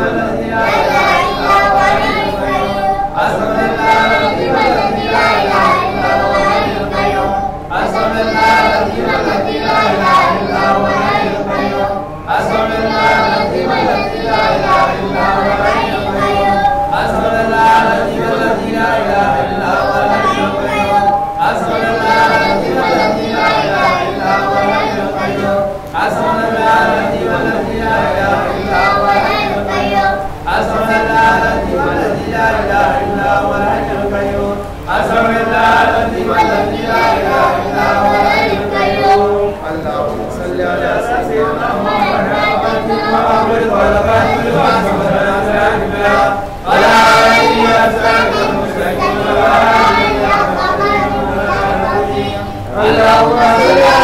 나가라 네. Allah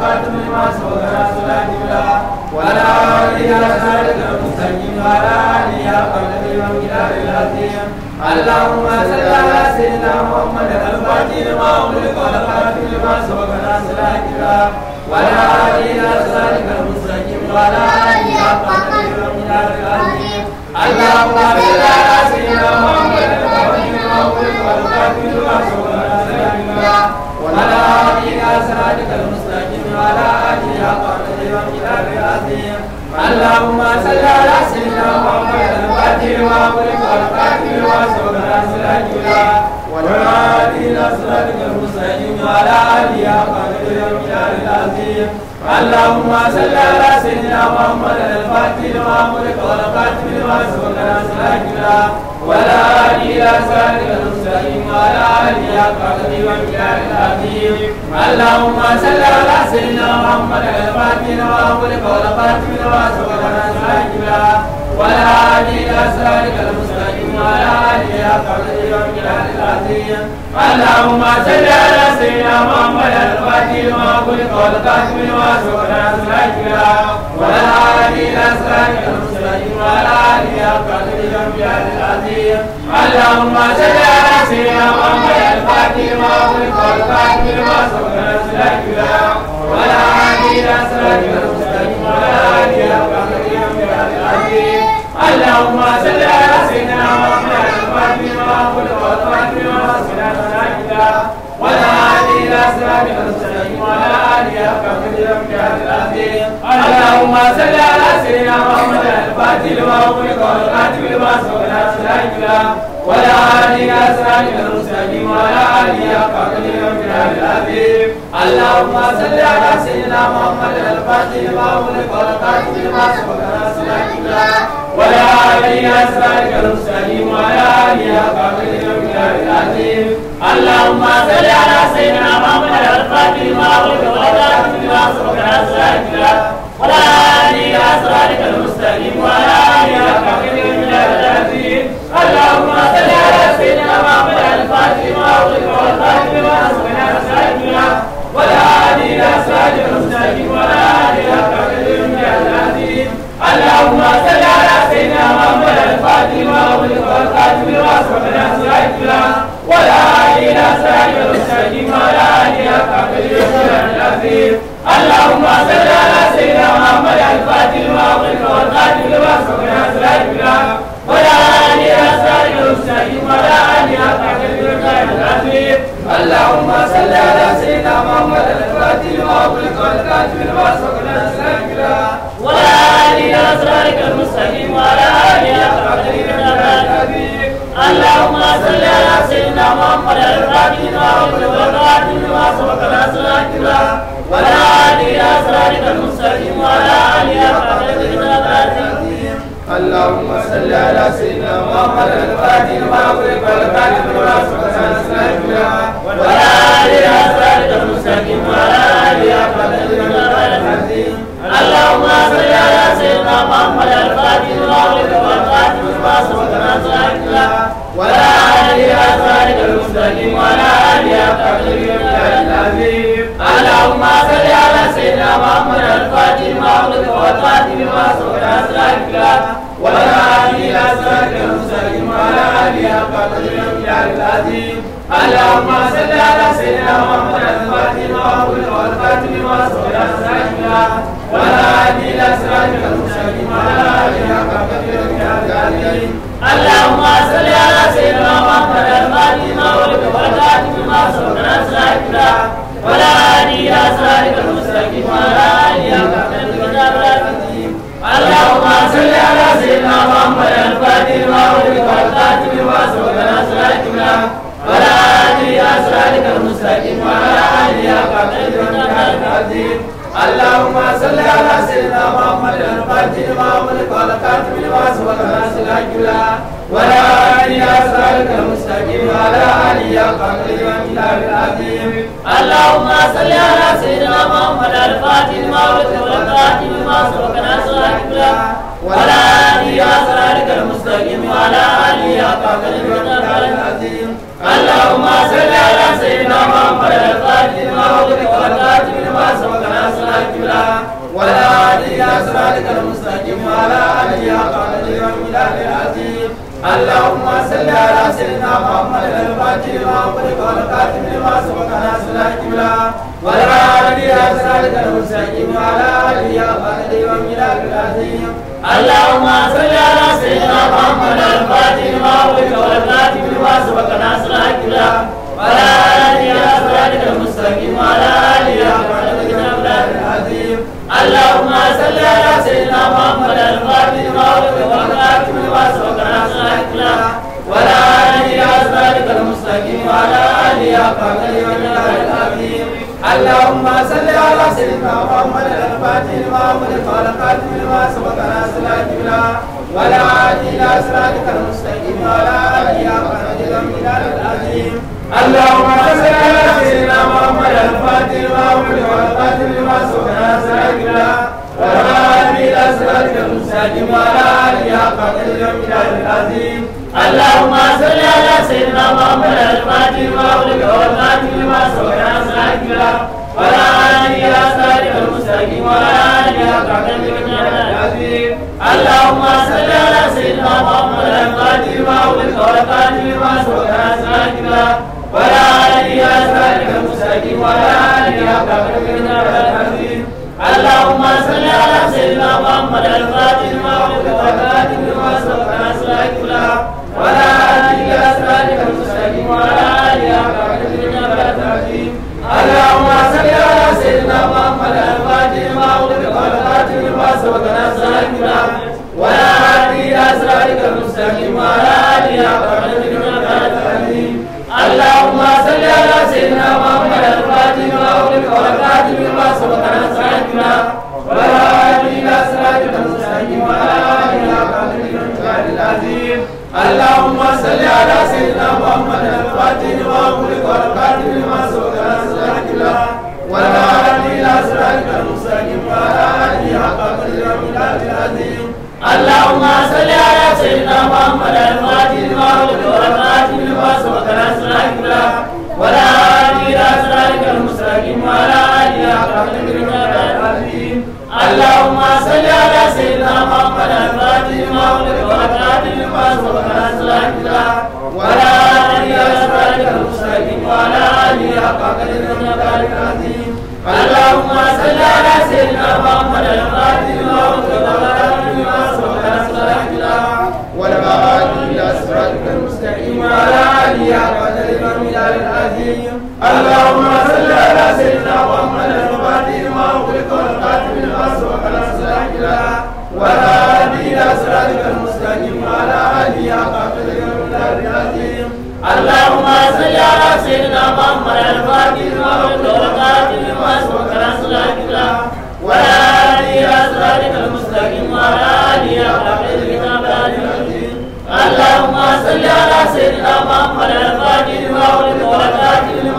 توكلت لما سوى صلاتي ولا ولا إلى ذلك المستقيم على آله قبل اليوم العظيم اللهم صل على سيدنا محمد الفاتح لما أغلق والخاتم لما سبق ناصر الكبار ولا إلى ذلك المستقيم على آله قبل اليوم العظيم اللهم صل على سيدنا محمد الفاتح لما أغلق والخاتم لما سبق ناصر الكبار ولا إلى ذلك على أهلها قبل وكلا برأسهم اللهم صل على سيدنا محمد الفاتح وأغلق والقاتل وسوف نصر الجلال والعادي نصرتك المستقيم وعلى أهلها قبل وكلا برأسهم اللهم صل على سيدنا محمد الفاتح المامور والقاتل المسؤول عن سلاكنا ولا إلى سالك المستقيم وعلى آله القدر ومقدار العظيم اللهم صل على سيدنا محمد الفاتح لما أغلق والخاتم لما سبق لنا ولا هادي إلى صراطك المستقيم ولا هادي إلى قدر ومقدار العظيم اللهم صل على سيدنا محمد الفاتح لما أغلق والخاتم لما سبق لنا ولا هادي إلى صراطك المستقيم ولا هادي إلى قدر ومقدار العظيم اللهم صل على نسينا من الفاتمة والفاتمة صرنا سلكنا ولا عادي لا سلكنا المستقيم ولا عادي لا العظيم اللهم صل على سيدنا محمد الفاتمة والفاتمة صرنا سلكنا ولا عادي لا سلكنا ولا عادي لا العظيم حسن المسلم وعلى علي قبل من الأبيب اللهم صل على سيدنا محمد الفاتح ما ولد والقاتل ما سبق نصر الله ولا علي أسرك المسلم وعلى علي قبل من الأبيب اللهم صل على سيدنا محمد الفاتح ما ولد والقاتل ما سبق نصر الله ولا علي أسرك المسلم وعلى علي الحبيب اللهم صل على سيدنا محمد الفاتح لما أغلق والخاتم لما سبق ناصر الكرام ولا آله أسرار المستقيم ولا آله أطعك الكرام العظيم اللهم صل على سيدنا محمد الفاتح لما أغلق والخاتم لما سبق ناصر الكرام ولا آله أسرارك المستقيم ولا آله أطعك الكرام العظيم اللهم صل على سيدنا محمد الفاتح لما والخاتم لما سبق ناصر الكرام ولا عادي إلى المستقيم ولا عادي اللهم صل على سيدنا محمد الفاتح لما أغلق والخاتم لما ولا عادي إلى المستقيم ولا عادي اللهم صل على سيدنا محمد الفاتح لما أغلق والخاتم لما سبق ولا عادي إلى صراطك المستقيم ولا عادي إلى صراطك العظيم اللهم صل على سيدنا محمد الفاتح لما أغلق والخاتم لما سبق أسرار الكلام وعلى آله حق قدر الأمجاد العظيم اللهم صل على سيدنا محمد الفاتح لما أغلق والخاتم لما سبق أسرار الكلام وعلى آله حق قدر الأمجاد العظيم اللهم صل على سيدنا محمد الفاتح لما أغلق والخاتم ولا هادي إلى صراطك المستقيم ولا هادي اللهم صل على سيدنا محمد الفاتح لما أغلق والخاتم لما سبق ناصر الكبرى ولا هادي إلى صراطك المستقيم ولا هادي إلى اللهم صل على سيدنا محمد الفاتح لما والخاتم لما سبق ناصر ولا هادي إلى صراطك المستقيم ولا هادي إلى قبر الإمام العظيم اللهم صل على سيدنا محمد الفاتح لما ولد والقاتل بما سبق ناصر الكبرى وعلى آله أسرارك المستقيم وعلى آله أقاك لمن العظيم اللهم صل على سيدنا محمد الفاتح لما ولد والقاتل بما سبق ناصر الكبرى وعلى آله أسرارك المستقيم وعلى آله أقاك لمن العظيم اللهم صل على سيدنا محمد الفاتح لما خلق والقاتم لما سبق ناصر الكبرى والعالي أسرارك المستقيم على أهله وبعده وملاك العظيم اللهم صل على سيدنا محمد الفاتح لما خلق والقاتم لما سبق ناصر الكبرى والعالي أسرارك المستقيم على أهله وبعده وملاك العظيم اللهم صل على حق لوجهك العظيم اللهم صل على سيدنا محمد الفاتح لما خلق والقاتم لما سبق ناصر الجبلة ولا عادي إلى صراطك المستقيم ولا عادي أخرج من العظيم اللهم صل على سيدنا محمد الفاتح لما خلق والقاتم لما سبق ناصر الجبلة ولا عادي إلى صراطك المستقيم ولا عادي أخرج من العظيم اللهم صل على سيدنا محمد الفاتح المغلق والخاتم لما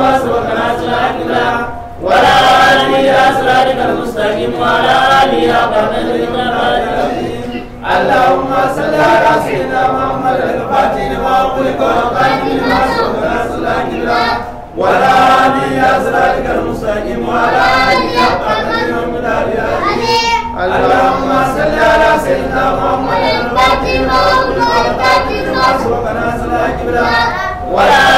اللهم سبقنا صراط الكبرى ولا علي الى صراطك المستقيم وعلى اله حق اللهم صل على سيدنا محمد الفاتح لما أغلق والقائم لما سبق ناس الأكبر ولا علي أسرارك المستقيم ولا علي أقدر يوم اللهم صل على سيدنا محمد الفاتح لما أغلق والقائم لما سبق ناس الأكبر ولا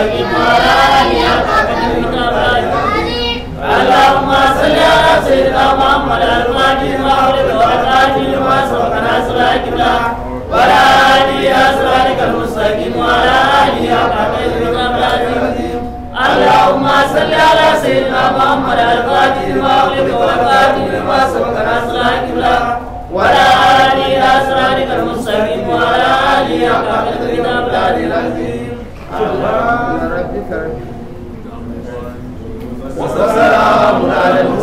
Sekitaran yang tak terkenalkan Allahumma salli ala sayyidina Muhammad al-Majid Mahmud al-Rajid Masukkan asrah kita Wala adi asrah kita Mustaqim wa ala adi Allahumma salli ala sayyidina Muhammad al-Rajid Mahmud al-Rajid Masukkan asrah kita Wala adi asrah kita Mustaqim wa ala adi Allahumma salli ala sayyidina Muhammad al-Rajid Mahmud al-Rajid Masukkan asrah kita وسلام على المرسلين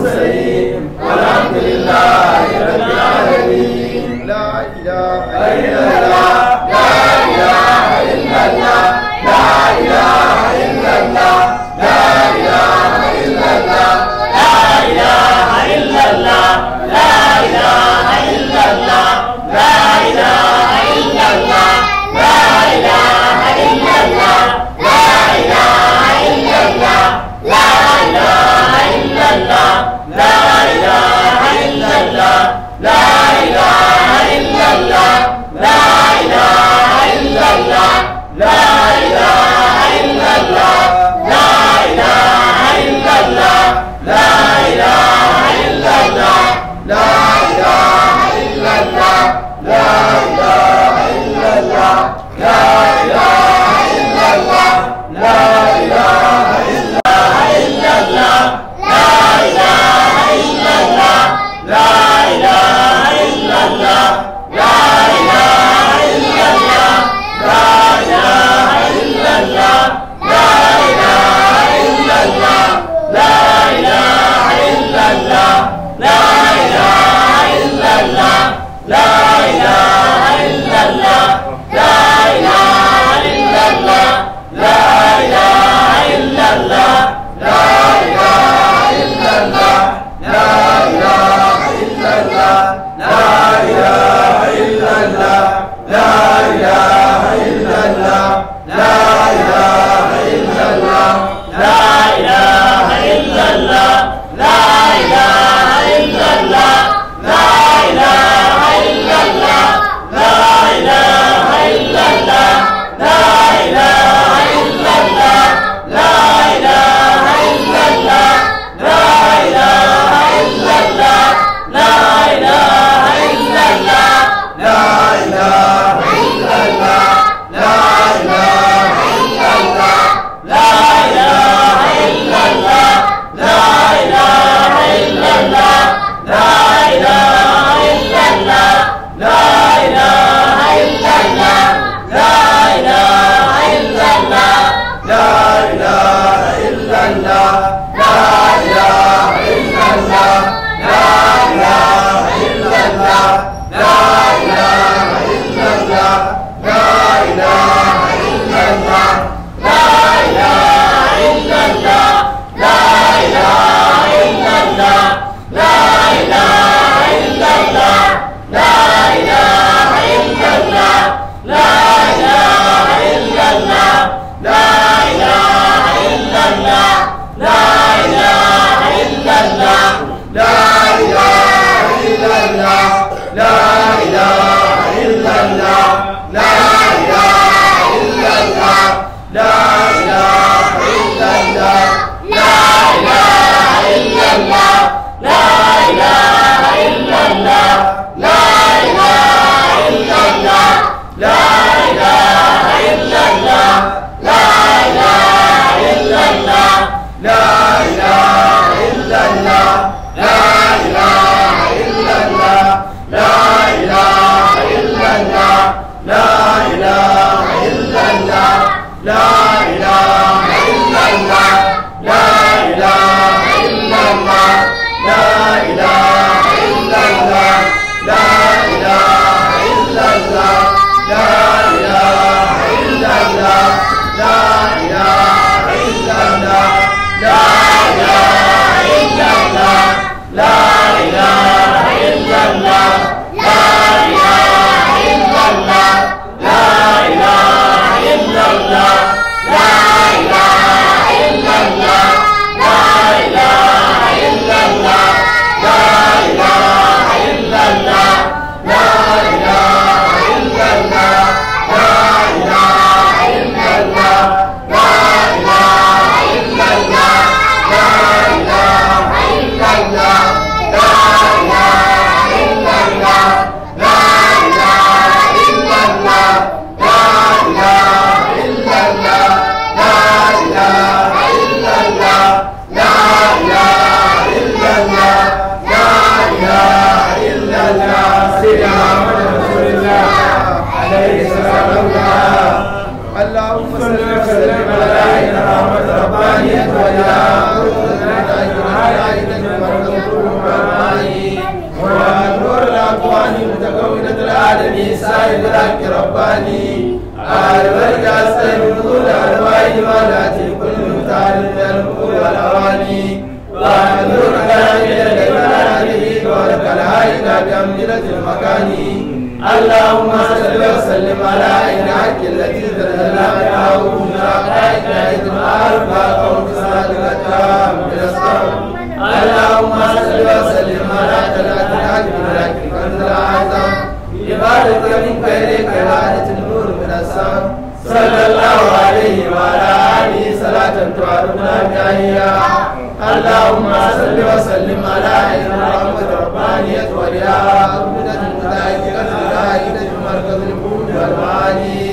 اللهم صل وسلم على عين حق التي تتجلى بها وكنا عليك إذ معرفة قوم صادقة بالأسباب اللهم صل وسلم على ثلاثة الحق ملك الكنز الأعظم لبارك منك إليك إرادة النور من السماء ربنا كهيا اللهم صل وسلم على إكرامة ربانية ولياء أبدا متأكدة الكائنة مركز البوم والمعاني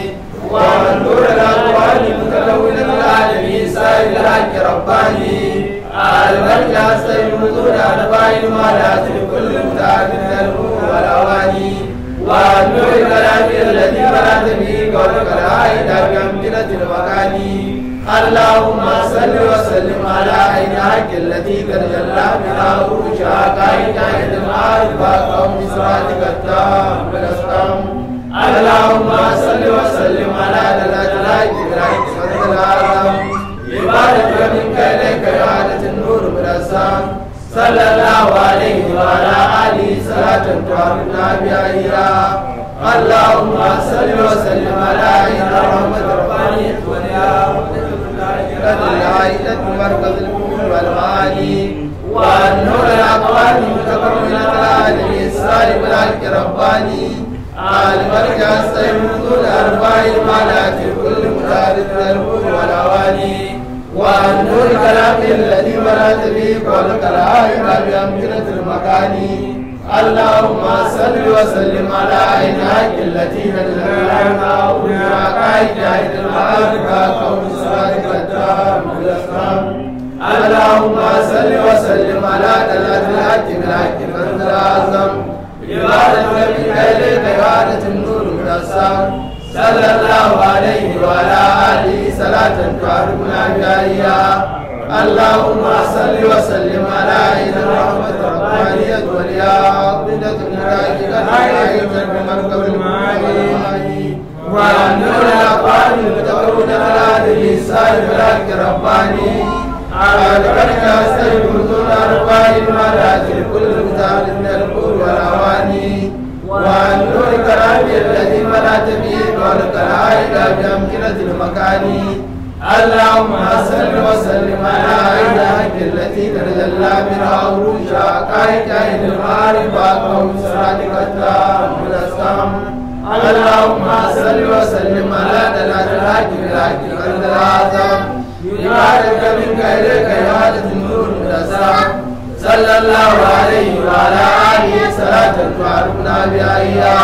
ومن نور الأقوال المتلونة العالمين سائر الحق رباني المرجع السيد نزول أربعين مالات لكل متعبد الروح والأواني ونور الكلام الذي بلغت به قولك العائد بأمكنة المكاني اللهم صل وسلم على عينك التي تجلى بها عروج حقائق عند المعرفة قوم صراطك التام بالأسلام اللهم صل وسلم على دلالة إبراهيم صدق العالم يبارك منك إليك رعادة النور بالأسلام صلى الله عليه وعلى آله صلاة تعبدنا بها اللهم صل وسلم على عين رحمة الوارثة مركز الكون والمالي والنور الأقوال المتكبر من العالم السالب العلك الرباني الملك السيف ذو الأرباع المعلاك كل متارد الكون والأواني والنور كلام الذي مرات به قولك العائلة بأمكنة المكان اللهم صل وسلم على عينيك التي تدلنا وبراك عيناك المعركة قوم صادق الدار اللهم صل وسلم على دلالة من بالحق من الأعظم عبادة ومن إليك عبادة النور من السار صلى الله عليه وعلى آله صلاة تعرفنا جاريا اللهم صل وسلم على عين الرحمة الربانية عقدة العاجل عليك بالمركب المعالي وأنه لا قال المتقرون على اللسان ملاك رباني على ذلك سيف ذو الأربعين مرات كل مثال من القول والأواني وأنه الكلام الذي ملأت به قولك العائلة بأمكنة المكان اللهم صل وسلم على عينك التي تتجلى منها عروشا عقائك الى المعرفه قوم صراطك التام الاسلام اللهم صل وسلم على دلاله الحج بالحج قلب الاعظم يبارك منك اليك عباده النور الاسلام صلى الله عليه وعلى اله صلاه تعرفنا بها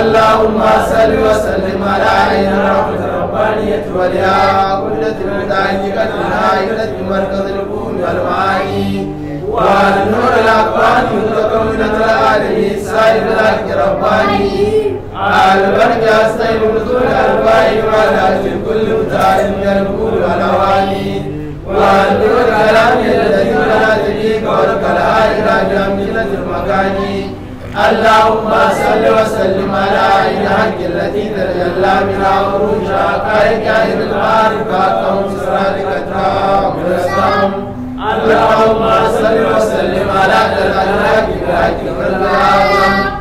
اللهم صل وسلم على عين رحمه الربانية والياء كلت المتعلقة بالعائلة بمركز الكون والمعاني والنور الأقواني مطلق من العالم السائر الحق رباني البرك السير نزول البائن والهجر كل متعال من الكون والأواني والنور الكلام الذي لا تدريك ورك الآية راجع من المكاني اللهم صل وسلم على عين الحق التي تجلى من وروجها كائك كائن العارف أقوم سرادك التام اللهم صل وسلم على الحق التي تجلى من بها